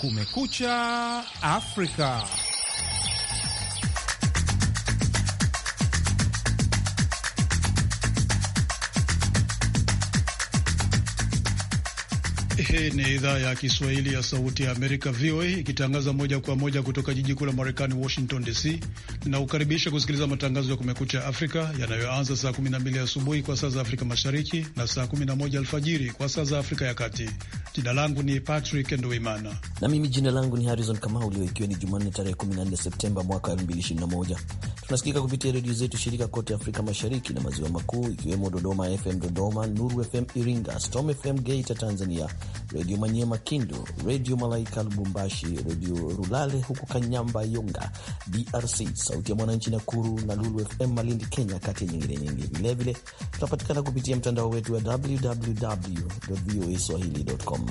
Kumekucha Afrika. Hii ni idhaa ya Kiswahili ya Sauti ya Amerika, VOA, ikitangaza moja kwa moja kutoka jiji kuu la Marekani, Washington DC. Ninakukaribisha kusikiliza matangazo ya Kumekucha Afrika yanayoanza saa 12 asubuhi kwa saa za Afrika Mashariki na saa 11 alfajiri kwa saa za Afrika ya Kati. Jina langu ni Patrick Nduimana na mimi jina langu ni Harrison Kamau. Leo ikiwa ni Jumanne tarehe 14 Septemba mwaka 2021, tunasikika kupitia redio zetu shirika kote Afrika Mashariki na Maziwa Makuu, ikiwemo Dodoma FM Dodoma, Nuru FM Iringa, Storm FM Geita Tanzania, Redio Manyema Kindu, Redio Malaika Lubumbashi, Redio Rulale huko Kanyamba Yonga DRC, Sauti ya Mwananchi Nakuru na Lulu FM Malindi Kenya, kati ya nyingine nyingi. Vilevile tunapatikana kupitia mtandao wetu wa www voa swahili.com.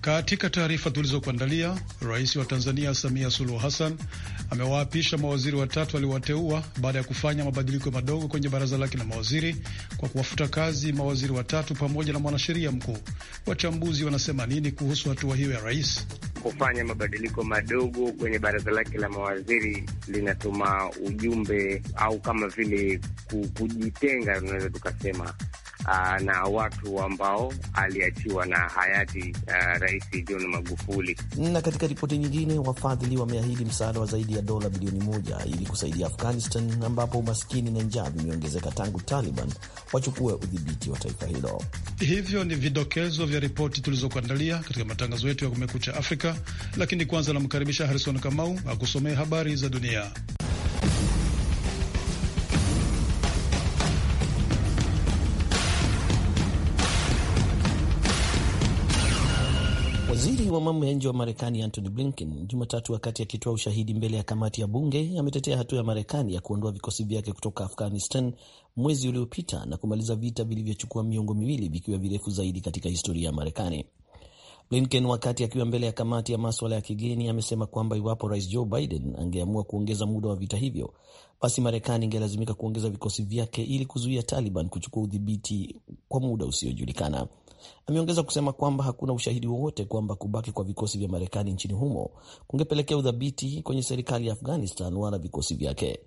Katika taarifa tulizokuandalia, rais wa Tanzania Samia Suluhu Hassan amewaapisha mawaziri watatu aliowateua baada ya kufanya mabadiliko madogo kwenye baraza lake la mawaziri kwa kuwafuta kazi mawaziri watatu pamoja na mwanasheria mkuu. Wachambuzi wanasema nini kuhusu hatua hiyo ya rais? Kufanya mabadiliko madogo kwenye baraza lake la mawaziri linatuma ujumbe au kama vile kujitenga, tunaweza tukasema uh, na watu ambao aliachiwa na hayati uh, Rais John Magufuli. Na katika ripoti nyingine, wafadhili wameahidi msaada wa zaidi ya dola bilioni moja ili kusaidia Afghanistan ambapo umaskini na njaa vimeongezeka tangu Taliban wachukue udhibiti wa taifa hilo. Hivyo ni vidokezo vya ripoti tulizokuandalia katika matangazo yetu ya Kumekucha Afrika, lakini kwanza namkaribisha Harrison Kamau akusomee habari za dunia. Waziri wa mambo ya nje wa Marekani Antony Blinken Jumatatu, wakati akitoa ushahidi mbele ya kamati ya bunge, ametetea hatua ya Marekani ya kuondoa vikosi vyake kutoka Afghanistan mwezi uliopita na kumaliza vita vilivyochukua miongo miwili vikiwa virefu zaidi katika historia ya Marekani. Blinken wakati akiwa mbele ya kamati ya maswala ya kigeni amesema kwamba iwapo rais Joe Biden angeamua kuongeza muda wa vita hivyo, basi Marekani ingelazimika kuongeza vikosi vyake ili kuzuia Taliban kuchukua udhibiti kwa muda usiojulikana. Ameongeza kusema kwamba hakuna ushahidi wowote kwamba kubaki kwa vikosi vya Marekani nchini humo kungepelekea udhabiti kwenye serikali ya Afghanistan wala vikosi vyake.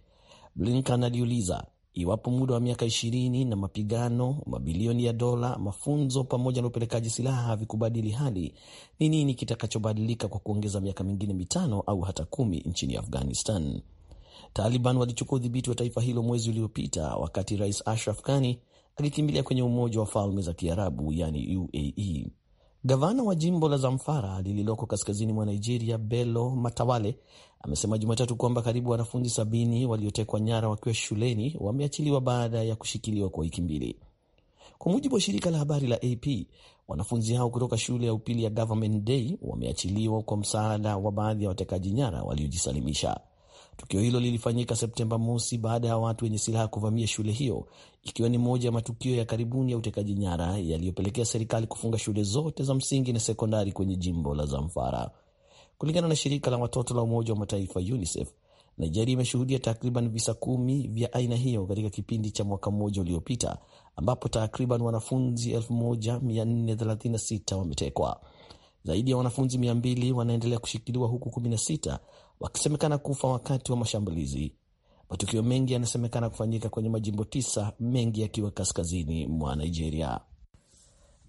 Blinken aliuliza iwapo muda wa miaka ishirini na mapigano, mabilioni ya dola, mafunzo pamoja na upelekaji silaha havikubadili hali, ni nini kitakachobadilika kwa kuongeza miaka mingine mitano au hata kumi nchini Afghanistan? Taliban walichukua udhibiti wa taifa hilo mwezi uliopita, wakati Rais Ashraf Ghani akikimbilia kwenye Umoja wa Falme za Kiarabu, yani UAE. Gavana wa jimbo la Zamfara lililoko kaskazini mwa Nigeria, Bello Matawale, amesema Jumatatu kwamba karibu wanafunzi sabini waliotekwa nyara wakiwa shuleni wameachiliwa baada ya kushikiliwa kwa wiki mbili, kwa mujibu wa shirika la habari la AP. Wanafunzi hao kutoka shule ya upili ya Government Day wameachiliwa kwa msaada wa baadhi ya watekaji nyara waliojisalimisha. Tukio hilo lilifanyika Septemba mosi baada ya watu wenye silaha kuvamia shule hiyo, ikiwa ni moja ya matukio ya karibuni ya utekaji nyara yaliyopelekea serikali kufunga shule zote za msingi na sekondari kwenye jimbo la Zamfara. Kulingana na shirika la watoto la Umoja wa Mataifa UNICEF, Nigeria imeshuhudia takriban visa kumi vya aina hiyo katika kipindi cha mwaka mmoja uliopita, ambapo takriban wanafunzi 1436 wametekwa. Zaidi ya wanafunzi 200 wanaendelea kushikiliwa huku 16 wakisemekana kufa wakati wa mashambulizi. Matukio mengi yanasemekana kufanyika kwenye majimbo tisa, mengi yakiwa kaskazini mwa Nigeria.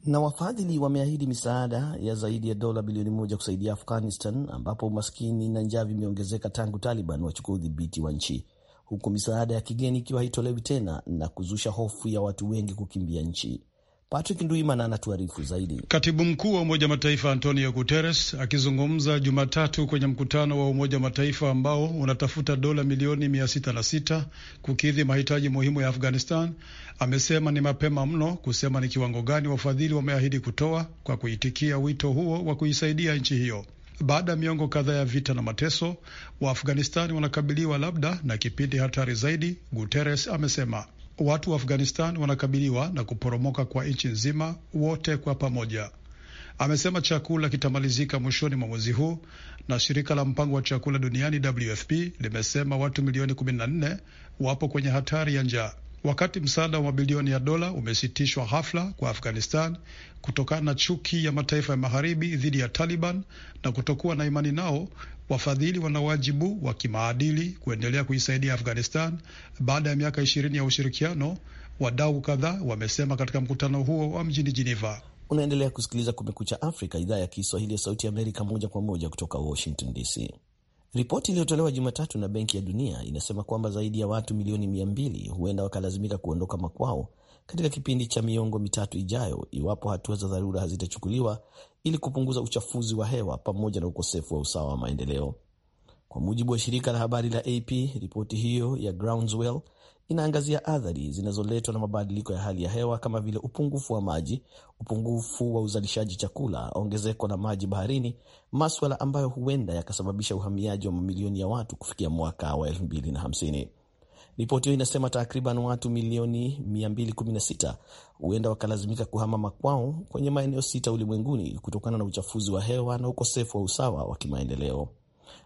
Na wafadhili wameahidi misaada ya zaidi ya dola bilioni moja kusaidia Afghanistan, ambapo umaskini na njaa vimeongezeka tangu Taliban wachukua udhibiti wa nchi, huku misaada ya kigeni ikiwa haitolewi tena na kuzusha hofu ya watu wengi kukimbia nchi. Patrick Nduimana anatuarifu zaidi. Katibu mkuu wa Umoja Mataifa Antonio Guterres akizungumza Jumatatu kwenye mkutano wa Umoja Mataifa ambao unatafuta dola milioni sita kukidhi mahitaji muhimu ya Afghanistan amesema ni mapema mno kusema ni kiwango gani wafadhili wameahidi kutoa kwa kuitikia wito huo wa kuisaidia nchi hiyo. Baada ya miongo kadhaa ya vita na mateso, Waafghanistani wanakabiliwa labda na kipindi hatari zaidi, Guterres amesema. Watu wa Afghanistan wanakabiliwa na kuporomoka kwa nchi nzima, wote kwa pamoja. Amesema chakula kitamalizika mwishoni mwa mwezi huu, na shirika la mpango wa chakula duniani WFP limesema watu milioni 14 wapo kwenye hatari ya njaa, wakati msaada wa mabilioni ya dola umesitishwa hafla kwa Afghanistan kutokana na chuki ya mataifa ya magharibi dhidi ya Taliban na kutokuwa na imani nao Wafadhili wana wajibu wa kimaadili kuendelea kuisaidia Afghanistan baada ya miaka ishirini ya ushirikiano, wadau kadhaa wamesema katika mkutano huo wa mjini Geneva. Unaendelea kusikiliza Kumekucha Afrika, idhaa ya Kiswahili ya Sauti ya Amerika, moja kwa moja kutoka Washington DC. Ripoti iliyotolewa Jumatatu na Benki ya Dunia inasema kwamba zaidi ya watu milioni mia mbili huenda wakalazimika kuondoka makwao katika kipindi cha miongo mitatu ijayo iwapo hatua za dharura hazitachukuliwa ili kupunguza uchafuzi wa hewa pamoja na ukosefu wa usawa wa maendeleo. Kwa mujibu wa shirika la habari la AP, ripoti hiyo ya Groundswell inaangazia athari zinazoletwa na mabadiliko ya hali ya hewa kama vile upungufu wa maji, upungufu wa uzalishaji chakula, ongezeko la maji baharini, maswala ambayo huenda yakasababisha uhamiaji wa mamilioni ya watu kufikia mwaka wa 2050. Ripoti hiyo inasema takriban watu milioni 216 huenda wakalazimika kuhama makwao kwenye maeneo sita ulimwenguni kutokana na uchafuzi wa hewa na ukosefu wa usawa wa kimaendeleo.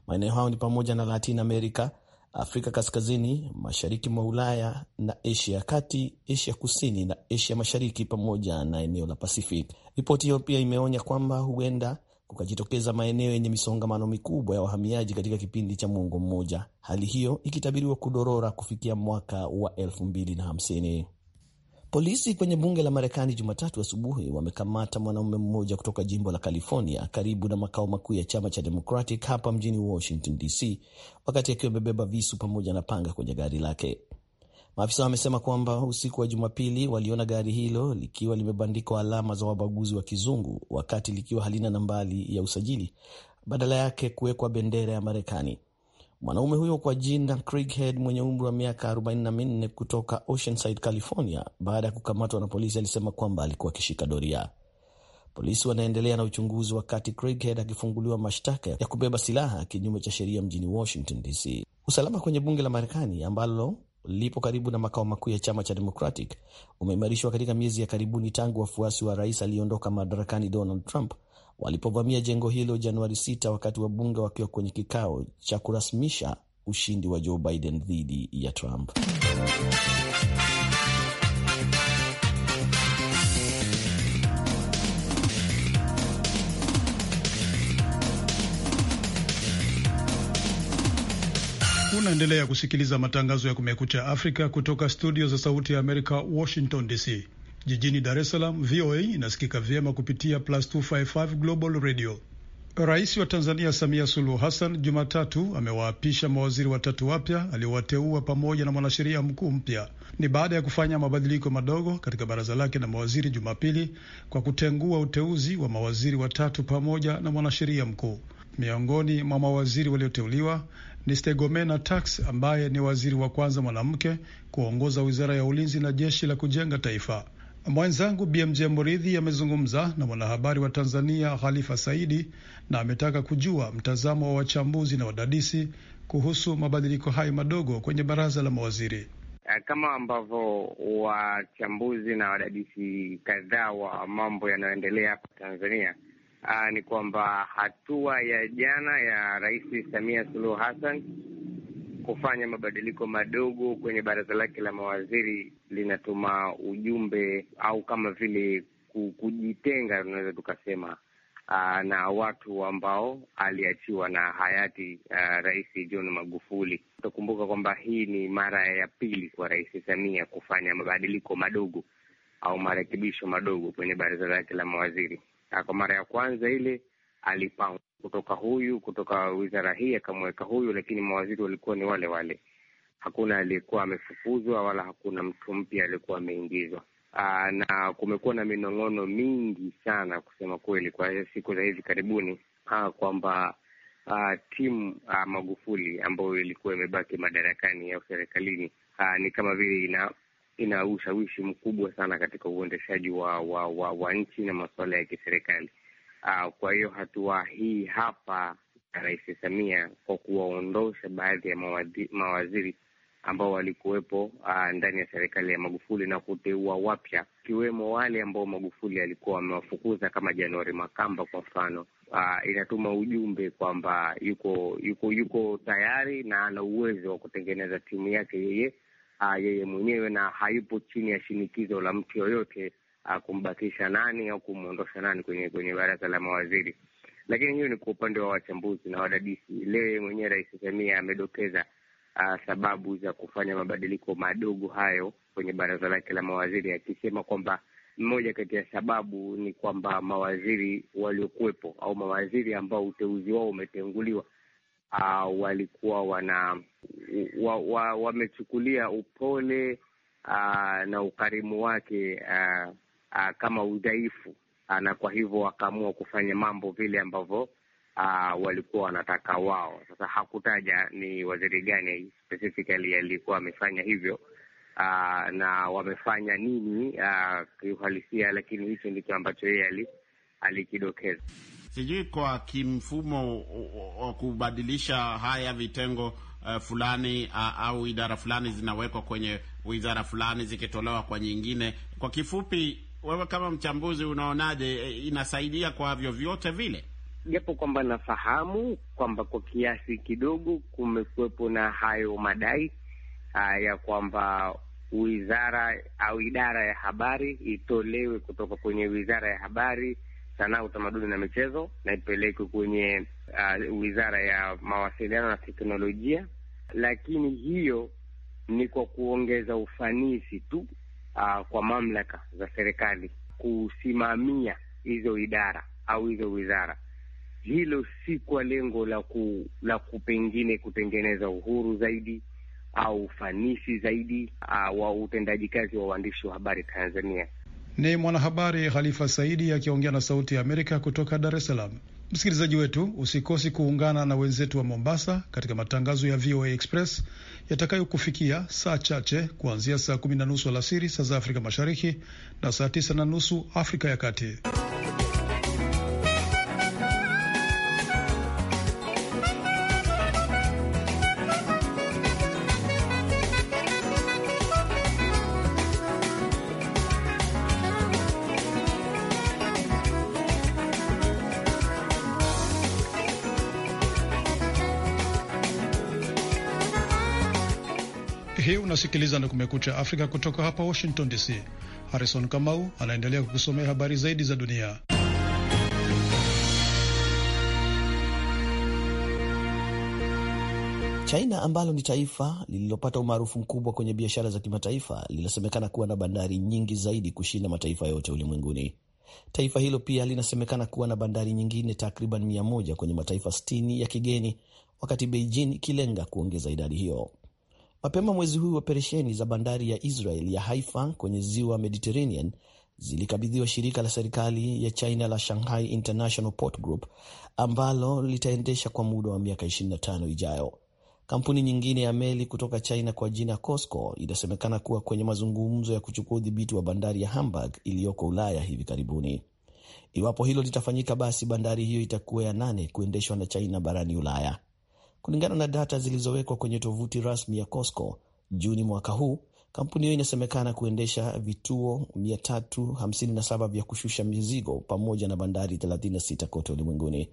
Maeneo hayo ni pamoja na Latin America, Afrika Kaskazini, mashariki mwa Ulaya na Asia ya Kati, Asia Kusini na Asia Mashariki, pamoja na eneo la Pacific. Ripoti hiyo pia imeonya kwamba huenda kukajitokeza maeneo yenye misongamano mikubwa ya wahamiaji katika kipindi cha mwongo mmoja, hali hiyo ikitabiriwa kudorora kufikia mwaka wa 2050. Polisi kwenye bunge la Marekani Jumatatu asubuhi wa wamekamata mwanaume mmoja kutoka jimbo la California karibu na makao makuu ya chama cha Democratic hapa mjini Washington DC, wakati akiwa amebeba visu pamoja na panga kwenye gari lake. Maafisa wamesema kwamba usiku wa Jumapili waliona gari hilo likiwa limebandikwa alama za wabaguzi wa kizungu wakati likiwa halina nambari ya usajili, badala yake kuwekwa bendera ya Marekani. Mwanaume huyo kwa jina Craig Craighead mwenye umri wa miaka 44 kutoka Oceanside, California, baada ya kukamatwa na polisi alisema kwamba alikuwa akishika doria. Polisi wanaendelea na uchunguzi wakati Craig Craighead akifunguliwa mashtaka ya kubeba silaha kinyume cha sheria mjini Washington DC. Usalama kwenye bunge la Marekani ambalo lipo karibu na makao makuu ya chama cha Democratic umeimarishwa katika miezi ya karibuni tangu wafuasi wa rais aliyeondoka madarakani Donald Trump walipovamia jengo hilo Januari 6 wakati wa bunge wakiwa kwenye kikao cha kurasmisha ushindi wa Joe Biden dhidi ya Trump. Unaendelea kusikiliza matangazo ya Kumekucha Afrika kutoka studio za Sauti ya Amerika, Washington DC. Jijini Dar es Salaam, VOA inasikika vyema kupitia plus 255 Global Radio. Rais wa Tanzania Samia Suluhu Hassan Jumatatu amewaapisha mawaziri watatu wapya aliowateua pamoja na mwanasheria mkuu mpya. Ni baada ya kufanya mabadiliko madogo katika baraza lake na mawaziri Jumapili kwa kutengua uteuzi wa mawaziri watatu pamoja na mwanasheria mkuu. Miongoni mwa mawaziri walioteuliwa ni Stegomena Tax ambaye ni waziri wa kwanza mwanamke kuongoza wizara ya ulinzi na jeshi la kujenga taifa. Mwenzangu BMJ Muridhi amezungumza na mwanahabari wa Tanzania Khalifa Saidi na ametaka kujua mtazamo wa wachambuzi na wadadisi kuhusu mabadiliko hayo madogo kwenye baraza la mawaziri. Eh, kama ambavyo wachambuzi na wadadisi kadhaa wa mambo yanayoendelea hapa Tanzania aa, ah, ni kwamba hatua ya jana ya Rais Samia Suluhu Hassan kufanya mabadiliko madogo kwenye baraza lake la mawaziri linatuma ujumbe au kama vile kujitenga, tunaweza tukasema aa, ah, na watu ambao aliachiwa na hayati ah, Rais John Magufuli. Utakumbuka kwamba hii ni mara ya pili kwa Rais Samia kufanya mabadiliko madogo au marekebisho madogo kwenye baraza lake la mawaziri na ah, kwa mara ya kwanza ile alipangwa kutoka huyu kutoka wizara hii akamweka huyu, lakini mawaziri walikuwa ni wale wale. Hakuna aliyekuwa amefufuzwa wala hakuna mtu mpya aliyekuwa ameingizwa. Aa, ah, na kumekuwa na minong'ono mingi sana kusema kweli kwa siku za hivi karibuni ah, kwamba timu Magufuli ambayo ilikuwa imebaki madarakani au serikalini ni kama vile ina ina ushawishi mkubwa sana katika uendeshaji wa, wa, wa, wa nchi na masuala ya kiserikali. Uh, kwa hiyo hatua hii hapa ya Rais Samia kwa kuwaondosha baadhi ya mawadi, mawaziri ambao walikuwepo uh, ndani ya serikali ya Magufuli na kuteua wapya ikiwemo wale ambao Magufuli alikuwa wamewafukuza kama Januari Makamba kwa mfano. Uh, inatuma ujumbe kwamba yuko yuko yuko tayari na ana uwezo wa kutengeneza timu yake yeye uh, yeye mwenyewe na hayupo chini ya shinikizo la mtu yoyote uh, kumbakisha nani au kumwondosha nani kwenye kwenye baraza la mawaziri. Lakini hiyo ni kwa upande wa wachambuzi na wadadisi. Leo yeye mwenyewe Rais Samia amedokeza uh, sababu za kufanya mabadiliko madogo hayo kwenye baraza lake la mawaziri, akisema kwamba mmoja kati ya sababu ni kwamba mawaziri waliokuwepo au mawaziri ambao uteuzi wao umetenguliwa uh, walikuwa wana wamechukulia wa, wa upole uh, na ukarimu wake uh, uh, kama udhaifu uh, na kwa hivyo wakaamua kufanya mambo vile ambavyo uh, walikuwa wanataka wao. Sasa hakutaja ni waziri gani specifically alikuwa amefanya hivyo uh, na wamefanya nini uh, kiuhalisia, lakini hicho ndicho ambacho yeye alikidokeza sijui kwa kimfumo wa kubadilisha haya vitengo uh, fulani uh, au idara fulani zinawekwa kwenye wizara fulani zikitolewa kwa nyingine. Kwa kifupi, wewe kama mchambuzi unaonaje, e, inasaidia kwa vyovyote vile? Japo kwamba nafahamu kwamba kwa kiasi kidogo kumekuwepo na hayo madai uh, ya kwamba wizara au idara ya habari itolewe kutoka kwenye wizara ya habari sanaa, utamaduni na michezo na ipelekwe kwenye uh, wizara ya mawasiliano na teknolojia, lakini hiyo ni kwa kuongeza ufanisi tu uh, kwa mamlaka za serikali kusimamia hizo idara au hizo wizara. Hilo si kwa lengo la ku, la kupengine kutengeneza uhuru zaidi au ufanisi zaidi uh, wa utendaji kazi wa waandishi wa habari Tanzania. Ni mwanahabari Khalifa Saidi akiongea na Sauti ya Amerika kutoka Dar es Salaam. Msikilizaji wetu, usikosi kuungana na wenzetu wa Mombasa katika matangazo ya VOA Express yatakayokufikia saa chache kuanzia saa kumi na nusu alasiri saa za Afrika Mashariki na saa tisa na nusu Afrika ya Kati. Unasikiliza na Kumekucha Afrika kutoka hapa Washington DC. Harrison Kamau anaendelea kukusomea habari zaidi za dunia. China ambalo ni taifa lililopata umaarufu mkubwa kwenye biashara za kimataifa linasemekana kuwa na bandari nyingi zaidi kushinda mataifa yote ulimwenguni. Taifa hilo pia linasemekana kuwa na bandari nyingine takriban mia moja kwenye mataifa sitini ya kigeni, wakati Beijing ikilenga kuongeza idadi hiyo. Mapema mwezi huu operesheni za bandari ya Israel ya Haifa kwenye ziwa Mediterranean zilikabidhiwa shirika la serikali ya China la Shanghai International Port Group ambalo litaendesha kwa muda wa miaka 25 ijayo. Kampuni nyingine ya meli kutoka China kwa jina Cosco inasemekana kuwa kwenye mazungumzo ya kuchukua udhibiti wa bandari ya Hamburg iliyoko Ulaya hivi karibuni. Iwapo hilo litafanyika, basi bandari hiyo itakuwa ya nane kuendeshwa na China barani Ulaya. Kulingana na data zilizowekwa kwenye tovuti rasmi ya Costco Juni mwaka huu, kampuni hiyo inasemekana kuendesha vituo 357 vya kushusha mizigo pamoja na bandari 36 kote ulimwenguni.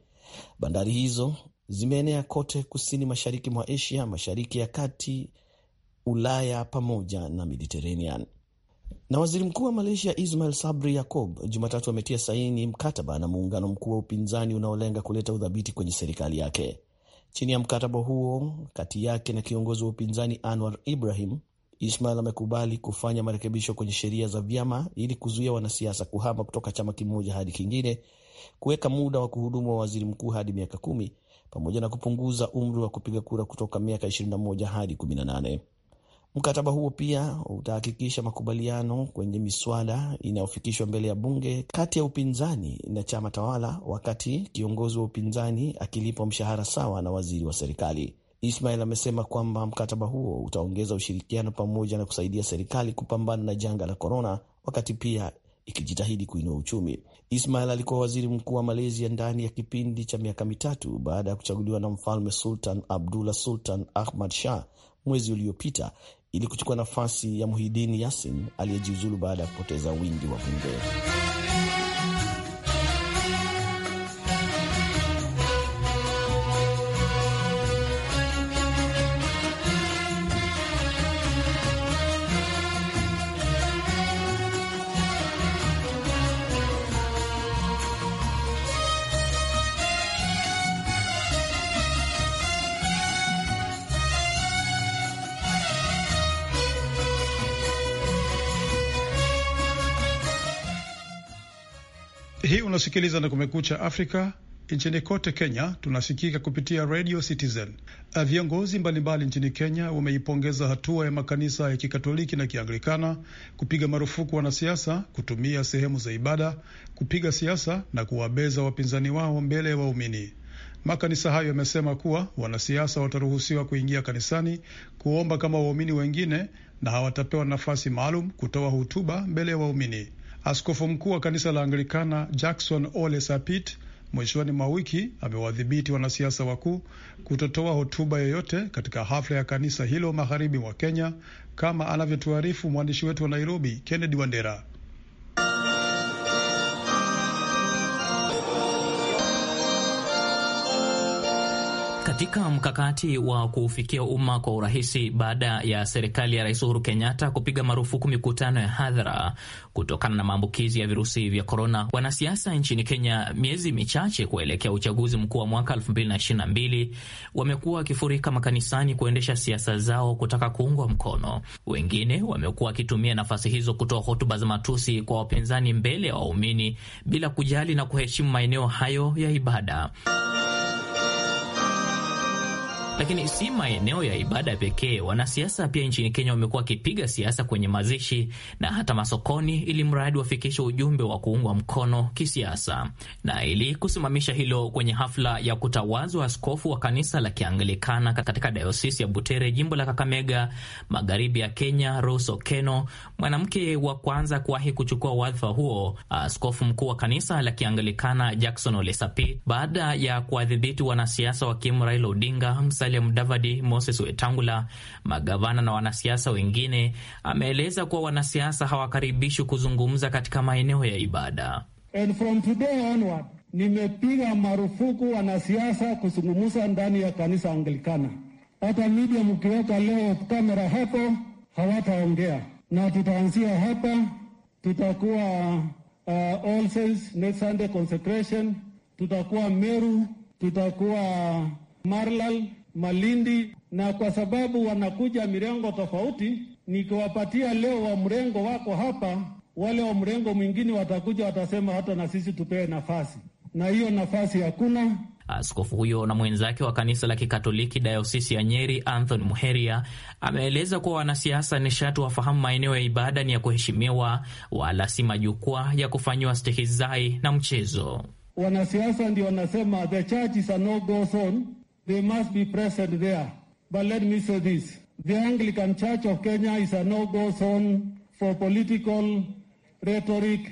Bandari hizo zimeenea kote kusini mashariki mwa Asia, mashariki ya kati, Ulaya pamoja na Mediterranean. Na waziri mkuu wa Malaysia Ismail Sabri Yaakob Jumatatu ametia saini mkataba na muungano mkuu wa upinzani unaolenga kuleta udhabiti kwenye serikali yake. Chini ya mkataba huo kati yake na kiongozi wa upinzani Anwar Ibrahim, Ismail amekubali kufanya marekebisho kwenye sheria za vyama ili kuzuia wanasiasa kuhama kutoka chama kimoja hadi kingine, kuweka muda wa kuhudumu wa waziri mkuu hadi miaka kumi, pamoja na kupunguza umri wa kupiga kura kutoka miaka 21 hadi 18. Mkataba huo pia utahakikisha makubaliano kwenye miswada inayofikishwa mbele ya bunge kati ya upinzani na chama tawala, wakati kiongozi wa upinzani akilipwa mshahara sawa na waziri wa serikali. Ismail amesema kwamba mkataba huo utaongeza ushirikiano pamoja na kusaidia serikali kupambana na janga la korona, wakati pia ikijitahidi kuinua uchumi. Ismail alikuwa waziri mkuu wa Malaysia ndani ya kipindi cha miaka mitatu baada ya kuchaguliwa na Mfalme Sultan Abdullah Sultan Ahmad Shah mwezi uliopita, ili kuchukua nafasi ya Muhidini Yasin aliyejiuzulu baada ya kupoteza wingi wa bunge. Hii unasikiliza na Kumekucha Afrika. Nchini kote Kenya tunasikika kupitia Radio Citizen. Eh, viongozi mbalimbali nchini Kenya wameipongeza hatua ya makanisa ya Kikatoliki na Kianglikana kupiga marufuku wanasiasa kutumia sehemu za ibada kupiga siasa na kuwabeza wapinzani wao mbele ya wa waumini. Makanisa hayo yamesema kuwa wanasiasa wataruhusiwa kuingia kanisani kuomba kama waumini wengine na hawatapewa nafasi maalum kutoa hutuba mbele ya wa waumini. Askofu mkuu wa kanisa la Anglikana Jackson Ole Sapit mwishoni mwa wiki amewadhibiti wanasiasa wakuu kutotoa hotuba yoyote katika hafla ya kanisa hilo magharibi mwa Kenya, kama anavyotuarifu mwandishi wetu wa Nairobi, Kennedy Wandera. Katika mkakati wa kuufikia umma kwa urahisi baada ya serikali ya Rais Uhuru Kenyatta kupiga marufuku mikutano ya hadhara kutokana na maambukizi ya virusi vya korona, wanasiasa nchini Kenya, miezi michache kuelekea uchaguzi mkuu wa mwaka 2022 wamekuwa wakifurika makanisani kuendesha siasa zao kutaka kuungwa mkono. Wengine wamekuwa wakitumia nafasi hizo kutoa hotuba za matusi kwa wapinzani mbele ya wa waumini bila kujali na kuheshimu maeneo hayo ya ibada. Lakini si maeneo ya ibada pekee, wanasiasa pia nchini Kenya wamekuwa wakipiga siasa kwenye mazishi na hata masokoni, ili mradi wafikishe ujumbe wa kuungwa mkono kisiasa. Na ili kusimamisha hilo, kwenye hafla ya kutawazwa askofu wa kanisa la Kianglikana katika dayosisi ya Butere, jimbo la Kakamega, magharibi ya Kenya, Rose Okeno, mwanamke wa kwanza kuwahi kuchukua wadhifa huo, askofu mkuu wa kanisa la Kianglikana Jackson Olesapi, baada ya kuwadhibiti wanasiasa wakiwemo Raila Odinga Musalia Mudavadi, Moses Wetangula, magavana na wanasiasa wengine, ameeleza kuwa wanasiasa hawakaribishwi kuzungumza katika maeneo ya ibada. And from today onward, nimepiga marufuku wanasiasa kuzungumza ndani ya kanisa Anglikana. Hata media mkiweka leo kamera hapo, hawataongea na tutaanzia hapa, tutakuwa uh, All Saints next Sunday consecration, tutakuwa Meru, tutakuwa Marlal, Malindi, na kwa sababu wanakuja mirengo tofauti, nikiwapatia leo wa mrengo wako hapa, wale wa mrengo mwingine watakuja, watasema hata na sisi tupewe nafasi, na hiyo nafasi hakuna. Askofu huyo na mwenzake wa kanisa la Kikatoliki dayosisi ya Nyeri, Anthony Muheria, ameeleza kuwa wanasiasa nishatu wafahamu maeneo ya ibada ni ya kuheshimiwa, wala si majukwaa ya kufanyiwa stehizai na mchezo. Wanasiasa ndio wanasema the church is a no-go zone They must be present there. But let me say this. The Anglican Church of Kenya is a no-go zone for political rhetoric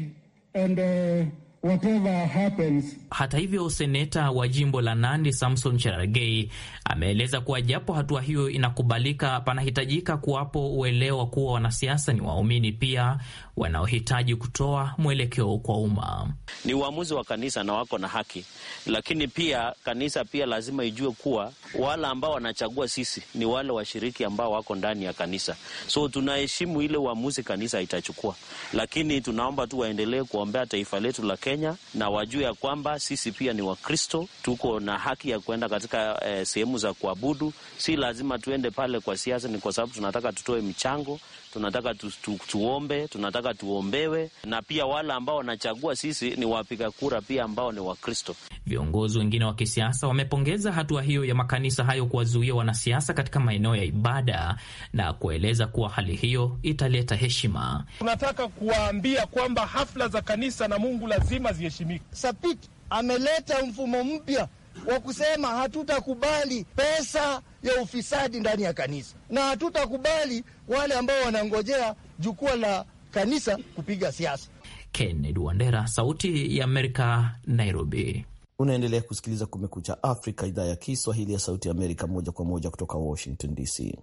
and uh, whatever happens. Hata hivyo, seneta wa jimbo la Nandi Samson Cherargei ameeleza kuwa japo hatua hiyo inakubalika, panahitajika kuwapo uelewa kuwa wanasiasa ni waumini pia wanaohitaji kutoa mwelekeo kwa umma. Ni uamuzi wa kanisa na wako na haki, lakini pia kanisa pia lazima ijue kuwa wale ambao wanachagua sisi ni wale washiriki ambao wako ndani ya kanisa, so tunaheshimu ile uamuzi kanisa itachukua, lakini tunaomba tu waendelee kuombea taifa letu la Kenya na wajue ya kwamba sisi pia ni Wakristo, tuko na haki ya kuenda katika e, sehemu za kuabudu. Si lazima tuende pale kwa siasa, ni kwa sababu tunataka tutoe mchango tunataka tu, tu, tuombe, tunataka tuombewe, na pia wale ambao wanachagua sisi ni wapiga kura pia ambao ni Wakristo. Viongozi wengine wa kisiasa wamepongeza hatua wa hiyo ya makanisa hayo kuwazuia wanasiasa katika maeneo ya ibada na kueleza kuwa hali hiyo italeta heshima. Tunataka kuwaambia kwamba hafla za kanisa na Mungu lazima ziheshimike. Sapit ameleta mfumo mpya wa kusema hatutakubali pesa ya ufisadi ndani ya kanisa, na hatutakubali wale ambao wanangojea jukwaa la kanisa kupiga siasa. Kennedy Wandera, Sauti ya Amerika, Nairobi. Unaendelea kusikiliza Kumekucha Afrika, idhaa ya Kiswahili ya Sauti ya Amerika, moja kwa moja kutoka Washington DC.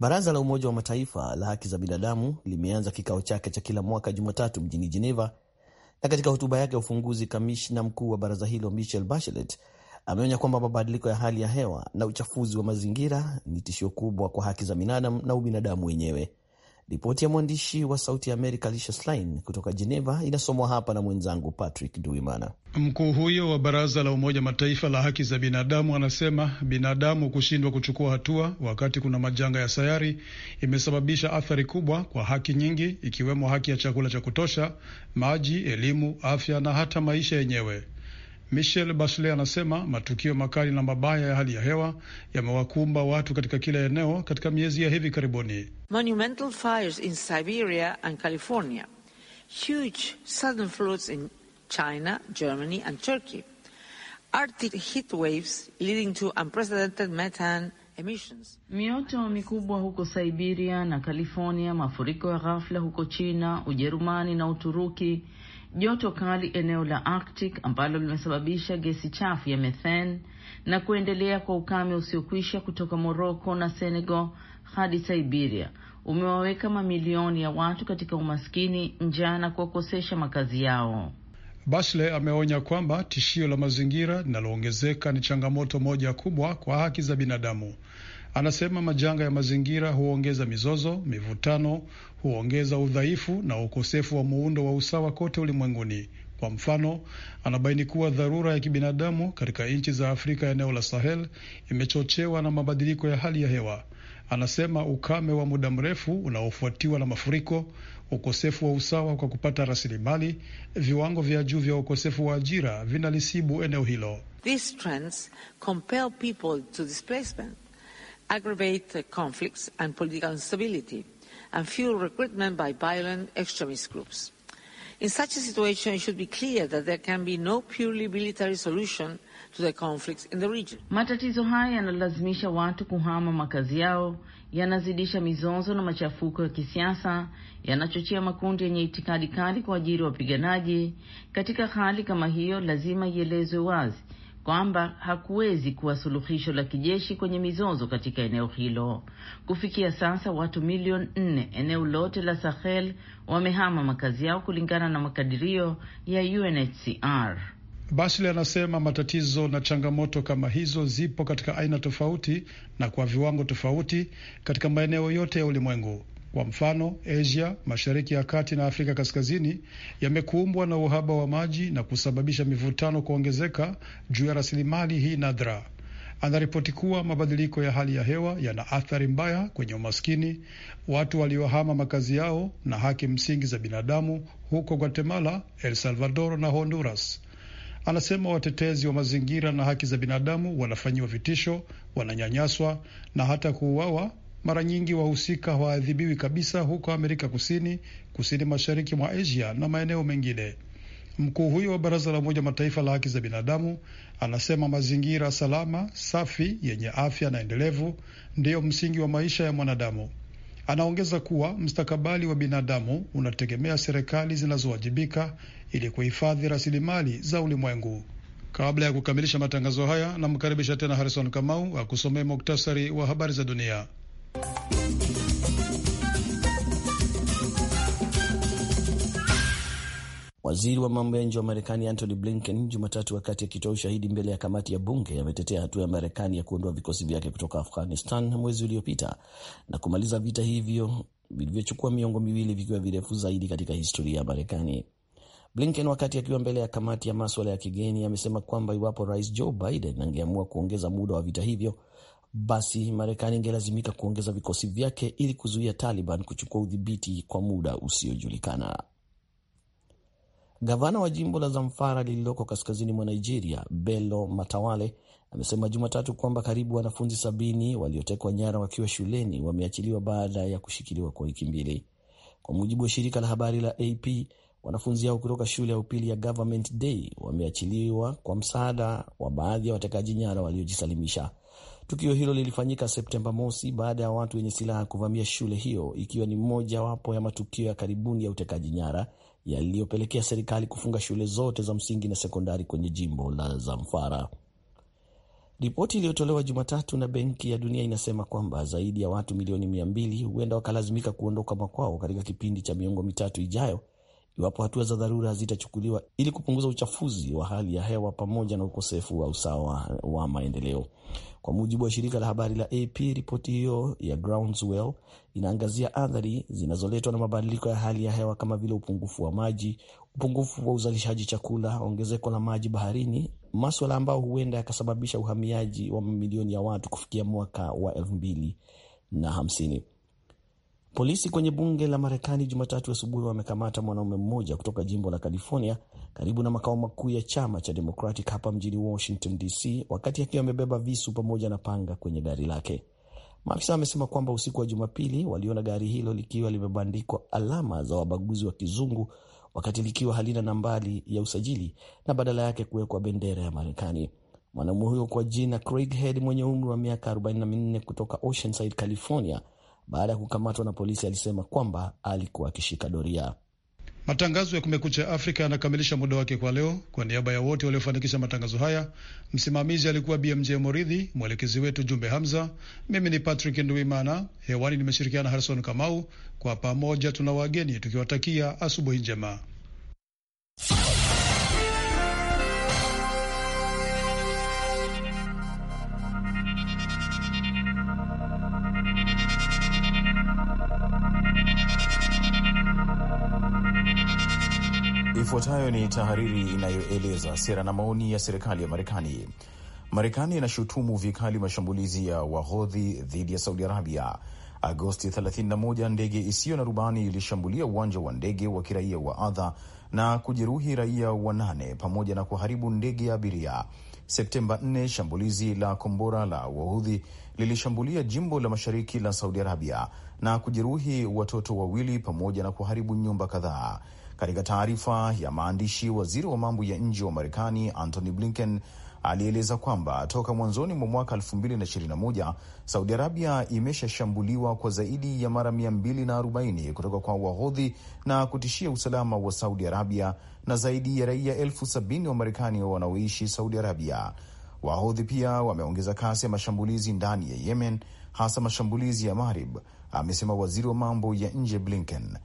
Baraza la Umoja wa Mataifa la Haki za Binadamu limeanza kikao chake cha kila mwaka Jumatatu mjini Geneva, na katika hotuba yake ya ufunguzi, kamishna mkuu wa baraza hilo Michel Bachelet Ameonya kwamba mabadiliko ya hali ya hewa na uchafuzi wa mazingira ni tishio kubwa kwa haki za binadamu na ubinadamu wenyewe. Ripoti ya mwandishi wa Sauti ya Amerika Lisha Slain kutoka Jeneva inasomwa hapa na mwenzangu Patrick Duimana. Mkuu huyo wa Baraza la Umoja Mataifa la haki za binadamu anasema binadamu kushindwa kuchukua hatua wakati kuna majanga ya sayari imesababisha athari kubwa kwa haki nyingi, ikiwemo haki ya chakula cha kutosha, maji, elimu, afya na hata maisha yenyewe michel Bachelet anasema matukio makali na mabaya ya hali ya hewa yamewakumba watu katika kila eneo katika miezi ya hivi karibuni. Monumental fires in Siberia and California. Huge sudden floods in China, Germany and Turkey. Arctic heat waves leading to unprecedented methane emissions. Mioto mikubwa huko Siberia na California, mafuriko ya ghafla huko China, Ujerumani na Uturuki joto kali eneo la Arctic ambalo limesababisha gesi chafu ya methane na kuendelea kwa ukame usiokwisha kutoka Morocco na Senegal hadi Siberia umewaweka mamilioni ya watu katika umaskini, njaa na kuwakosesha makazi yao. Bashle ameonya kwamba tishio la mazingira linaloongezeka ni changamoto moja kubwa kwa haki za binadamu. Anasema majanga ya mazingira huongeza mizozo, mivutano, huongeza udhaifu na ukosefu wa muundo wa usawa kote ulimwenguni. Kwa mfano, anabaini kuwa dharura ya kibinadamu katika nchi za Afrika eneo la Sahel imechochewa na mabadiliko ya hali ya hewa. Anasema ukame wa muda mrefu unaofuatiwa na mafuriko, ukosefu wa usawa kwa kupata rasilimali, viwango vya juu vya ukosefu wa ajira vinalisibu eneo hilo. These trends compel people to displacement aggravate conflicts and political instability, and fuel recruitment by violent extremist groups. In such a situation, it should be clear that there can be no purely military solution to the conflicts in the region. Matatizo haya yanalazimisha watu kuhama makazi yao, yanazidisha mizozo na machafuko ya kisiasa, yanachochea makundi yenye itikadi kali kwa ajili ya wapiganaji. Katika hali kama hiyo, lazima ielezwe wazi kwamba hakuwezi kuwa suluhisho la kijeshi kwenye mizozo katika eneo hilo. Kufikia sasa watu milioni nne eneo lote la Sahel wamehama makazi yao kulingana na makadirio ya UNHCR. Bashle anasema matatizo na changamoto kama hizo zipo katika aina tofauti na kwa viwango tofauti katika maeneo yote ya ulimwengu. Kwa mfano, Asia, Mashariki ya Kati na Afrika Kaskazini yamekumbwa na uhaba wa maji na kusababisha mivutano kuongezeka juu ya rasilimali hii nadra. Anaripoti kuwa mabadiliko ya hali ya hewa yana athari mbaya kwenye umaskini, watu waliohama makazi yao na haki msingi za binadamu huko Guatemala, El Salvador na Honduras. Anasema watetezi wa mazingira na haki za binadamu wanafanyiwa vitisho, wananyanyaswa na hata kuuawa mara nyingi wahusika hawaadhibiwi kabisa huko Amerika Kusini, kusini mashariki mwa Asia na maeneo mengine. Mkuu huyo wa baraza la Umoja Mataifa la haki za binadamu anasema mazingira salama, safi, yenye afya na endelevu ndiyo msingi wa maisha ya mwanadamu. Anaongeza kuwa mstakabali wa binadamu unategemea serikali zinazowajibika ili kuhifadhi rasilimali za ulimwengu. Kabla ya kukamilisha matangazo haya, namkaribisha tena Harrison Kamau akusomee muktasari wa habari za dunia. Waziri wa mambo ya nje wa Marekani Antony Blinken Jumatatu, wakati akitoa ushahidi mbele ya kamati ya bunge, ametetea hatua ya Marekani ya kuondoa vikosi vyake kutoka Afghanistan mwezi uliopita na kumaliza vita hivyo vilivyochukua miongo miwili vikiwa virefu zaidi katika historia ya Marekani. Blinken wakati akiwa mbele ya kamati ya maswala ya kigeni amesema kwamba iwapo rais Joe Biden angeamua kuongeza muda wa vita hivyo, basi Marekani ingelazimika kuongeza vikosi vyake ili kuzuia Taliban kuchukua udhibiti kwa muda usiojulikana. Gavana wa jimbo la Zamfara lililoko kaskazini mwa Nigeria, Bello Matawalle, amesema Jumatatu kwamba karibu wanafunzi sabini waliotekwa nyara wakiwa shuleni wameachiliwa baada ya kushikiliwa kwa wiki mbili, kwa mujibu wa shirika la habari la AP. Wanafunzi hao kutoka shule ya upili ya Government Day wameachiliwa kwa msaada wa baadhi ya watekaji nyara waliojisalimisha. Tukio hilo lilifanyika Septemba mosi baada ya watu wenye silaha kuvamia shule hiyo, ikiwa ni mmojawapo ya matukio ya karibuni ya utekaji nyara yaliyopelekea serikali kufunga shule zote za msingi na sekondari kwenye jimbo la Zamfara. Ripoti iliyotolewa Jumatatu na Benki ya Dunia inasema kwamba zaidi ya watu milioni mia mbili huenda wakalazimika kuondoka makwao katika kipindi cha miongo mitatu ijayo iwapo hatua za dharura zitachukuliwa ili kupunguza uchafuzi wa hali ya hewa pamoja na ukosefu wa usawa wa maendeleo. Kwa mujibu wa shirika la habari la AP, ripoti hiyo ya Groundswell inaangazia athari zinazoletwa na mabadiliko ya hali ya hewa kama vile upungufu wa maji, upungufu wa uzalishaji chakula, ongezeko la maji baharini, maswala ambayo huenda yakasababisha uhamiaji wa mamilioni ya watu kufikia mwaka wa elfu mbili na hamsini. Polisi kwenye bunge la Marekani Jumatatu asubuhi wamekamata mwanaume mmoja kutoka jimbo la California karibu na makao makuu ya chama cha Democratic hapa mjini Washington DC, wakati akiwa amebeba visu pamoja na panga kwenye gari lake. Maafisa wamesema kwamba usiku wa Jumapili waliona gari hilo likiwa limebandikwa alama za wabaguzi wa kizungu wakati likiwa halina nambari ya usajili na badala yake kuwekwa bendera ya Marekani. Mwanaume huyo kwa jina Craig Head mwenye umri wa miaka 44 kutoka Oceanside, California baada ya kukamatwa na polisi, alisema kwamba alikuwa akishika doria. Matangazo ya Kumekucha Afrika yanakamilisha muda wake kwa leo. Kwa niaba ya wote waliofanikisha matangazo haya, msimamizi alikuwa BMJ Moridhi, mwelekezi wetu Jumbe Hamza, mimi ni Patrick Nduimana, hewani nimeshirikiana Harison Kamau. Kwa pamoja tuna wageni tukiwatakia asubuhi njema. Ifuatayo ni tahariri inayoeleza sera na maoni ya serikali ya Marekani. Marekani inashutumu vikali mashambulizi ya Wahodhi dhidi ya Saudi Arabia. Agosti 31 ndege isiyo na rubani ilishambulia uwanja wa ndege wa kiraia wa Adha na kujeruhi raia wanane pamoja na kuharibu ndege ya abiria. Septemba 4 shambulizi la kombora la Wahudhi lilishambulia jimbo la mashariki la Saudi Arabia na kujeruhi watoto wawili pamoja na kuharibu nyumba kadhaa. Katika taarifa ya maandishi, waziri wa mambo ya nje wa Marekani Antony Blinken alieleza kwamba toka mwanzoni mwa mwaka 2021 Saudi Arabia imeshashambuliwa kwa zaidi ya mara 240 kutoka kwa Wahodhi na kutishia usalama wa Saudi Arabia na zaidi ya raia elfu sabini wa Marekani wanaoishi Saudi Arabia. Wahodhi pia wameongeza kasi ya mashambulizi ndani ya Yemen, hasa mashambulizi ya Marib, amesema waziri wa mambo ya nje Blinken.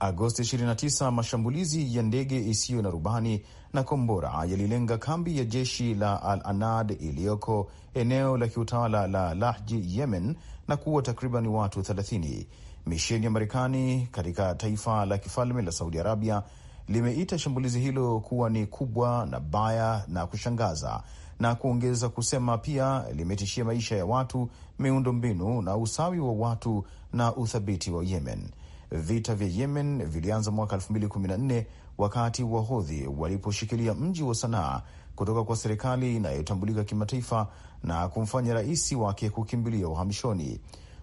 Agosti 29 mashambulizi ya ndege isiyo na rubani na kombora yalilenga kambi ya jeshi la Al Anad iliyoko eneo la kiutawala la Lahji, Yemen, na kuua takriban watu 30. Misheni ya Marekani katika taifa la kifalme la Saudi Arabia limeita shambulizi hilo kuwa ni kubwa na baya na kushangaza na kuongeza kusema pia limetishia maisha ya watu, miundo mbinu na usawi wa watu na uthabiti wa Yemen. Vita vya Yemen vilianza mwaka 2014 wakati Wahodhi waliposhikilia mji wa Sanaa kutoka kwa serikali inayotambulika kimataifa na kumfanya rais wake kukimbilia uhamishoni.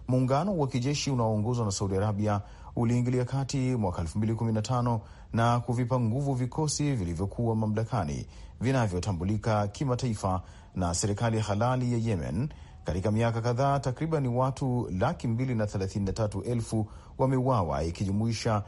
Muungano wa kijeshi unaoongozwa na Saudi Arabia uliingilia kati mwaka 2015 na kuvipa nguvu vikosi vilivyokuwa mamlakani vinavyotambulika kimataifa na serikali halali ya Yemen katika miaka kadhaa takriban watu laki mbili na thelathini na tatu elfu wameuawa ikijumuisha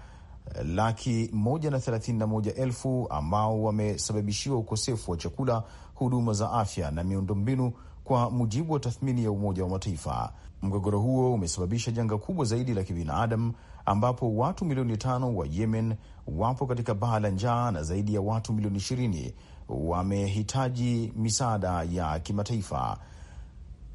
eh, laki moja na thelathini na moja elfu ambao wamesababishiwa ukosefu wa chakula, huduma za afya na miundombinu, kwa mujibu wa tathmini ya Umoja wa Mataifa. Mgogoro huo umesababisha janga kubwa zaidi la kibinadamu ambapo watu milioni tano wa Yemen wapo katika baa la njaa na zaidi ya watu milioni ishirini wamehitaji misaada ya kimataifa.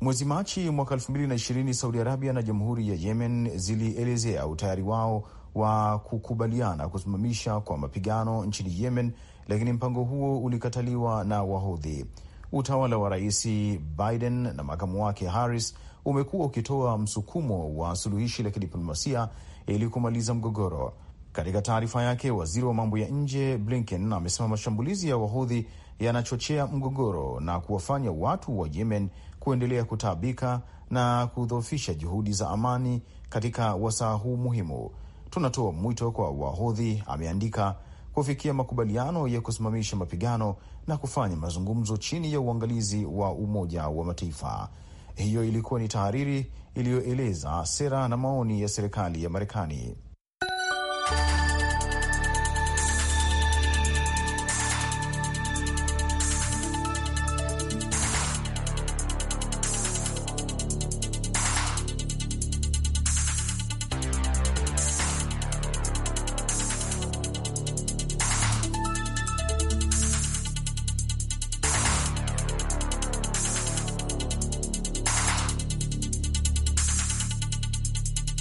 Mwezi Machi mwaka 2020 Saudi Arabia na jamhuri ya Yemen zilielezea utayari wao wa kukubaliana kusimamisha kwa mapigano nchini Yemen, lakini mpango huo ulikataliwa na Wahodhi. Utawala wa Rais Biden na makamu wake Harris umekuwa ukitoa msukumo wa suluhishi la kidiplomasia ili kumaliza mgogoro. Katika taarifa yake, waziri wa mambo ya nje Blinken amesema mashambulizi ya Wahodhi yanachochea mgogoro na kuwafanya watu wa Yemen kuendelea kutaabika na kudhoofisha juhudi za amani katika wasaa huu muhimu. Tunatoa mwito kwa wahodhi, ameandika, kufikia makubaliano ya kusimamisha mapigano na kufanya mazungumzo chini ya uangalizi wa Umoja wa Mataifa. Hiyo ilikuwa ni tahariri iliyoeleza sera na maoni ya serikali ya Marekani.